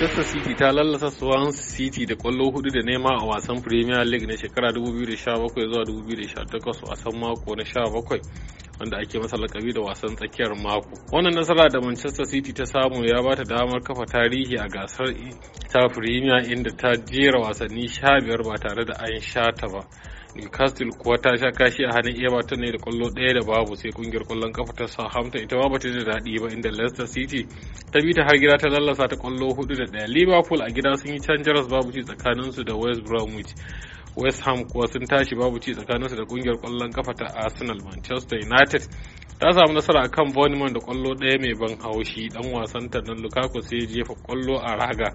Manchester City ta lallasa Swansea City da kwallo hudu da nema a wasan Premier League na shekara 2017 zuwa 2018 wasan mako na 17 wanda ake masa lakabi da wasan tsakiyar mako. Wannan nasara da Manchester City ta samu ya bata damar kafa tarihi a gasar ta Premier inda ta jera wasanni 15 ba tare da an sha ta ba. newcastle kuwa ta sha kashi a hannun everton ne da kwallo daya da babu sai kungiyar kwallon kafa ta southampton ita ma ba ta da daɗi ba inda leicester city ta bi ta har gida ta lallasa ta kwallo hudu da daya liverpool a gida sun yi canjaras babu ci tsakaninsu da west bromwich west ham kuwa sun tashi babu ci tsakaninsu da kungiyar kwallon kafa ta arsenal manchester united ta samu nasara akan Bournemouth da kwallo ɗaya mai ban haushi dan wasan ta nan Lukaku sai jefa kwallo a raga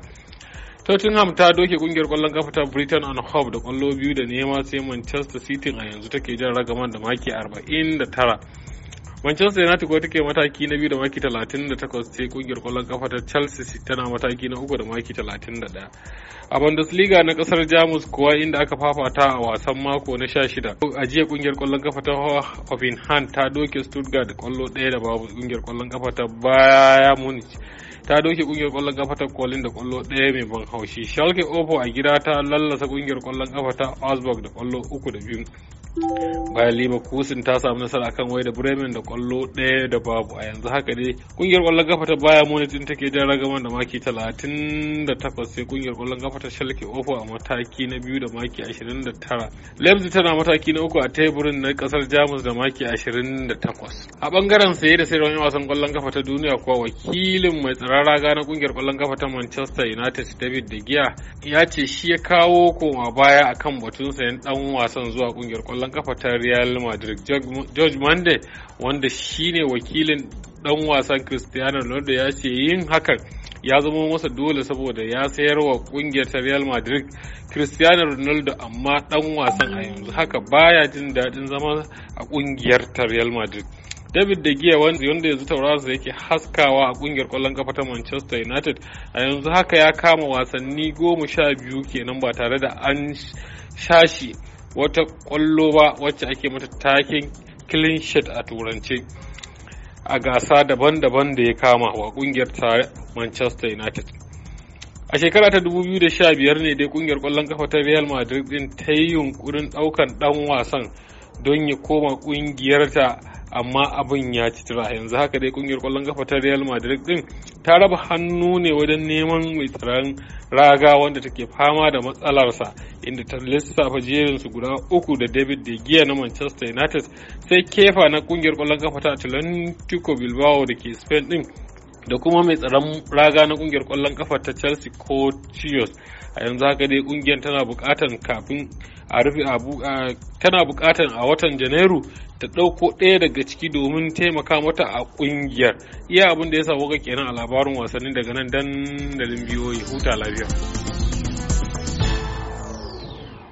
Tottenham ta doke kungiyar kwallon kafa ta Britain and Hope da kwallo biyu da nema sai Manchester City a yanzu take jan ragaman da maki 49. Manchester United kuwa take mataki na biyu da maki 38 sai kungiyar kwallon kafa ta Chelsea tana mataki na uku da maki 31. A Bundesliga na kasar Jamus kuwa inda aka fafata a wasan mako na 16. A jiya kungiyar kwallon kafa ta Hoffenheim ta doke Stuttgart kwallo daya da babu kungiyar kwallon kafa ta Bayern Munich ta doke kungiyar kwallon kafa ta kolin da kwallo ɗaya mai ban haushi shalke Opo a gida ta lallasa kungiyar kwallon kafa ta augsburg da kwallo uku da biyu bayan kusin ta samu nasara kan wai da bremen da kwallo daya da babu a yanzu haka dai kungiyar kwallon gafa ta baya munich din take jan ragaman da maki 38 sai kungiyar kwallon gafa ta shalke ofo a mataki na biyu da maki 29 leipzig tana mataki na uku a teburin na kasar jamus da maki 28 a bangaren saye da sayarwar wasan kwallon kafa ta duniya kuwa wakilin mai tsaron raga na kungiyar kwallon kafa ta manchester united david de gea ya ce shi ya kawo koma baya akan batun sayan dan wasan zuwa kungiyar kwallon kwallon kafa ta Real Madrid George Mande wanda shine wakilin dan wasan Cristiano Ronaldo ya ce yin hakan ya zama masa dole saboda ya sayar wa kungiyar ta Real Madrid Cristiano Ronaldo amma dan wasan a yanzu haka baya jin daɗin zama a kungiyar ta Real Madrid. David De Gea wanda yanzu taurasa yake haskawa a kungiyar kwallon kafa ta Manchester United a yanzu haka ya kama wasanni goma sha biyu kenan ba tare da an shashi wata kwallo ba wacce ake mata takin clean sheet a turance a gasa daban-daban da ya kama wa kungiyar tare Manchester United. A shekara ta 2015 ne dai kungiyar kwallon kafa ta Real Madrid din ta yi yunkurin daukan ɗan wasan don ya koma kungiyar ta amma abin ya ci tura yanzu haka dai kungiyar kwallon kafa ta Real Madrid din ta raba hannu ne wajen neman mai tsaron raga wanda take fama da matsalarsa inda ta lissafa jerin su guda uku da David De Gea na Manchester United sai kefa na kungiyar kwallon kafa ta Atlantico Bilbao da ke Spain din da kuma mai tsaron raga na kungiyar kwallon kafa ta chelsea ko chios a yanzu haka dai kungiyar tana bukatan kafin a rufe tana bukatan a watan janairu ta ɗauko ɗaya daga ciki domin taimaka mata a kungiyar iya abin da ya samu ga kenan a labarin wasanni daga nan dandalin biyoyi huta lafiya